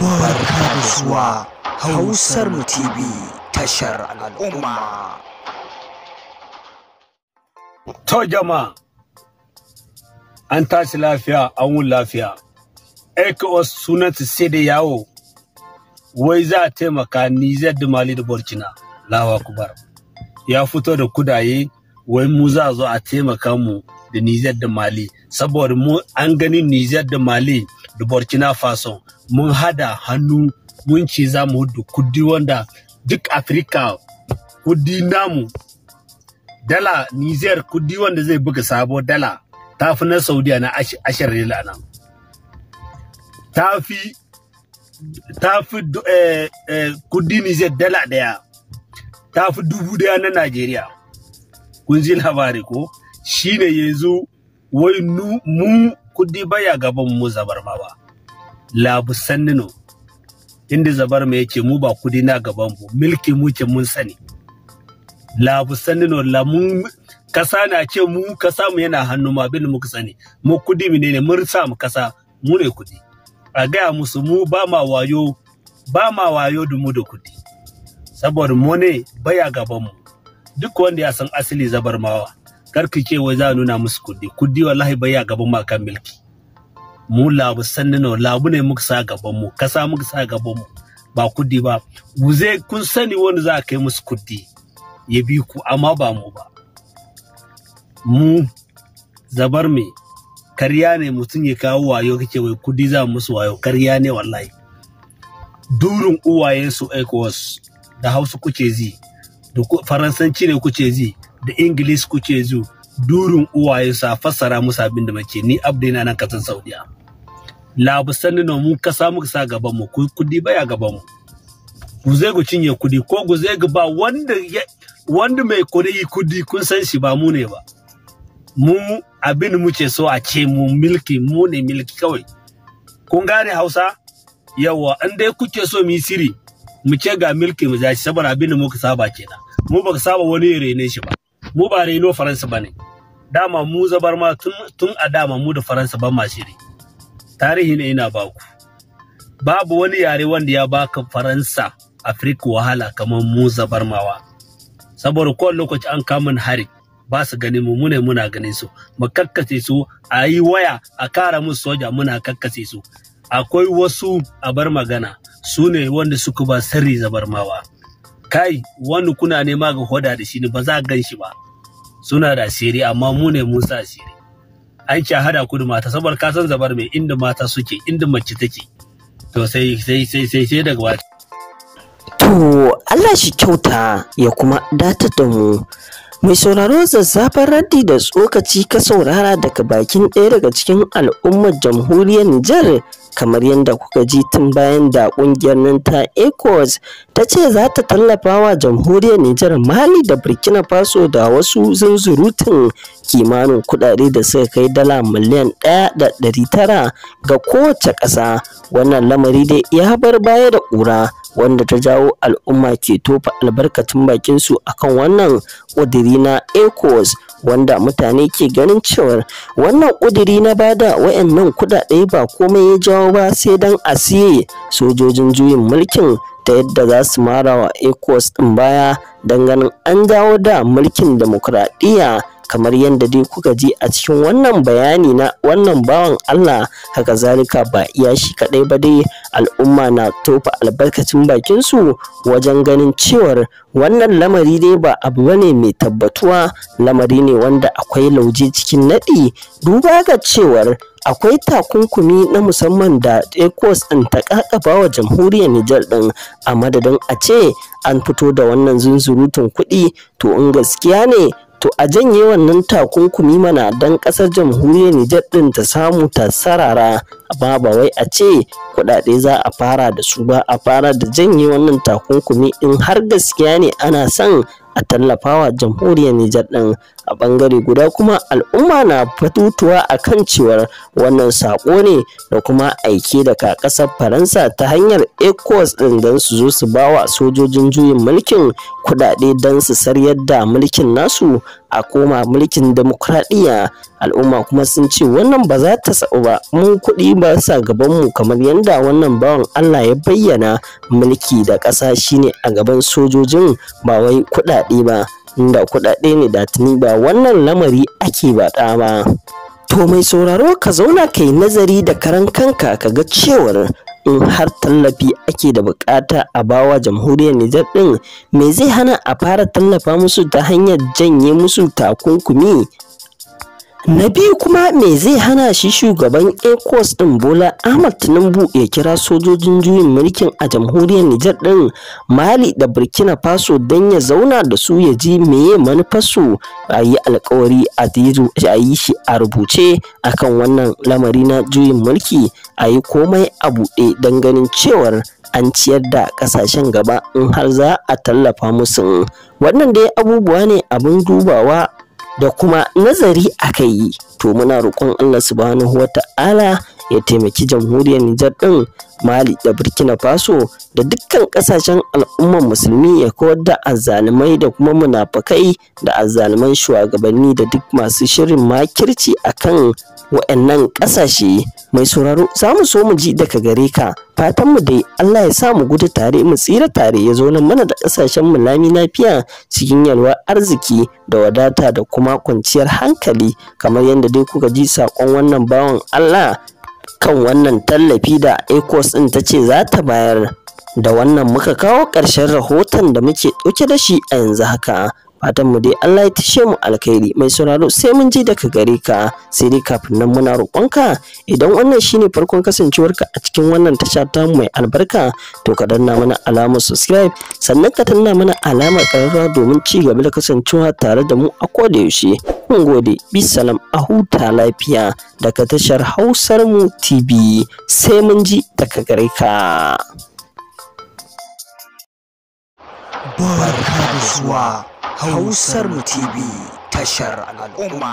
barka da zuwa hausar mu tv tashar al'umma to jama'a an tashi lafiya an wun lafiya ecos sunanta sai da yawo wai za a taimaka zai da Mali da borcina lawa kubar ya fito da kudaye wai mu za a zo a taimaka mu da Nijar da Mali saboda mu an gani Nijar da Mali da Burkina Faso mun hada hannu mun ce za mu hudu kudi wanda duk Afirka kudi namu dala Nijar kudi wanda zai buga sabo dala ta fi na Saudiya na ashirin nan ta fi ta fi eh, eh, kudi Nijar dala daya ta fi dubu daya na Najeriya kun ji labari ko shine yanzu wai mu kudi baya gaban mu zabar ma ba labu sannino inda zabar ma yake mu ba kudi na gaban mu milki muke mun sani labu sannino la mun kasa na ce mu kasa mu yana hannu ma bin mu sani mu kudi mu ne mun sa mu kasa mu ne kudi a gaya musu mu ba ma wayo ba ma wayo mu da kudi saboda mu ne baya gaban mu duk wanda ya san asali zabarmawa kar ki ce wai za nuna musu kudi kudi wallahi bai ya gaban kan milki mu labu sannan labu ne muka sa gaban mu kasa muka sa gaban mu ba kudi ba guze kun sani wanda za kai musu kudi ya bi ku amma ba mu ba mu zabar me karya ne mutum ya kawo wayo kake wai kudi za musu wayo karya ne wallahi durin uwayensu ecowas da hausa kuke zi da faransanci ne kuce zi da ingilis kuce zu durin uwaye sa fassara musu abin da muke ni abdu yana nan kasan saudiya labusan na mu kasa muka sa gaban mu kudi baya gaban mu guze ku cinye kudi ko guze ku ba wanda wanda mai kudi kudi kun san shi ba mu ne ba mu abin mu ce so a ce mu milki mu ne milki kawai kun gane hausa yawa in dai kuke so mu yi siri mu ce ga milki mu zaci saboda abin da muka saba kenan mu ba saba wani ya rene shi ba mu ba reno faransa ba ne dama mu zabar ma tun a dama mu da faransa ban ma shiri tarihi ne ina ba ku. babu wani yare wanda ya baka faransa afirka wahala kamar mu zabar mawa saboda kowane lokaci an kamun hari ba su gani mu mune muna ganin su mu kakkace su a yi waya a kara musu soja muna kakkace su akwai wasu a bar magana su ne wanda suka ba sirri zabarmawa kai wani kuna nema ga hoda da shi ne ba za gan shi ba suna da asiri amma mu ne mun sa asiri an ce hada ku da mata saboda ka san zabar mai inda mata suke inda mace take to sai sai sai sai sai daga wata to Allah shi kyauta ya kuma datar da mu Mai sauraro zazzafan raddi da tsokaci ka saurara daga bakin ɗaya daga cikin al'ummar jamhuriyar Nijar kamar yadda kuka ji tun bayan da kungiyar nan ta ECOWAS ta ce za ta tallafa wa jamhuriyar Nijar Mali da Burkina Faso da wasu zunzurutun kimanin kudade da suka kai dala miliyan ɗaya da ɗari tara ga kowace ƙasa wannan lamari dai ya bar baya da ƙura wanda ta jawo al'umma ke tofa albarkacin bakinsu akan wannan ƙudiri na ecos wanda mutane ke ganin cewar wannan ƙudiri na bada wayannan kuɗaɗe ba komai ya jawo ba sai dan a siye sojojin juyin mulkin ta yadda za su mara wa ecos din baya dan ganin an dawo da mulkin demokuraɗiyya kamar yadda dai kuka ji a cikin wannan bayani na wannan bawan Allah haka zalika ba iya shi kadai ba dai al'umma na tofa albarkacin bakin su wajen ganin cewar wannan lamari dai ba abu bane mai tabbatuwa lamari ne wanda akwai lauje cikin nadi. duba ga cewar akwai takunkumi na musamman da ecos ɗin ta kakaba wa jamhuriyar nijar ɗin a madadin a ce an fito da wannan zunzurutun kuɗi to in gaskiya ne to a janye wannan takunkumi mana don ƙasar jamhuriyar Nijar ɗin ta samu ta sarara amma ba wai a ce kuɗaɗe za a fara da su ba a fara da janye wannan takunkumi in har gaskiya ne ana son a tallafawa jamhuriyar Nijar ɗin a ɓangare guda kuma al'umma na fatutuwa a kan cewar wannan saƙo ne da kuma aike daga ƙasar Faransa ta hanyar ECOWAS ɗin don su zo su bawa sojojin juyin mulkin kuɗaɗe don su saryar da mulkin nasu a koma mulkin demokradiyya al'umma kuma sun ce wannan ba za ta sa'u ba mun kuɗi ba sa gabanmu kamar yadda wannan bawan Allah ya bayyana mulki da ƙasa shine a gaban sojojin ba wai kuɗaɗe ba inda kuɗaɗe ne da tuni ba wannan lamari ake baɗa ba. To mai sauraro ka zauna ka yi nazari da karan kanka ka ga cewar in har tallafi ake da bukata a bawa jamhuriyar Nijar ɗin me zai hana a fara tallafa musu ta hanyar janye musu takunkumi na biyu kuma me zai hana shi shugaban ecos ɗin bola ahmad tinubu ya kira sojojin juyin mulkin a jamhuriyar nijar ɗin mali da burkina faso don ya zauna da su ya ji meye manufarsu a yi alkawari a yi shi a rubuce akan wannan lamari na juyin mulki a yi komai a buɗe don ganin cewar an ciyar da kasashen gaba in har za a tallafa musu wannan dai abubuwa ne abin dubawa da kuma nazari aka yi to muna roƙon Allah subhanahu wa ta'ala ya taimaki jamhuriyar Nijar ɗin Mali da Burkina Faso da dukkan ƙasashen al'ummar musulmi ya kawar da azzalumai da kuma munafakai da azzaluman shugabanni da duk masu shirin makirci a kan wa'annan ƙasashe mai sauraro za mu so mu ji daga gare ka fatan dai Allah ya sa mu gudu tare mu tsira tare ya zo nan mana da ƙasashen mu lami lafiya cikin yalwar arziki da wadata da kuma kwanciyar hankali kamar yadda dai kuka ji saƙon wannan bawan Allah kan wannan tallafi da ecos ɗin ta ce za ta bayar da wannan muka kawo ƙarshen rahoton da muke ɗauke da shi a yanzu haka fatan mu dai Allah ya tashe mu alkhairi mai sauraro sai mun ji daga gare ka sai dai kafin nan muna roƙonka idan wannan shine farkon kasancewarka a cikin wannan tasha ta mai albarka to ka danna mana alamar subscribe sannan ka danna mana alamar ƙararrawa domin ci gaba da kasancewa tare da mu a koda yaushe mun gode bisalam a huta lafiya daga tashar hausar mu tv sai mun ji daga gare ka barka da zuwa Hausar mu TV tashar al'umma.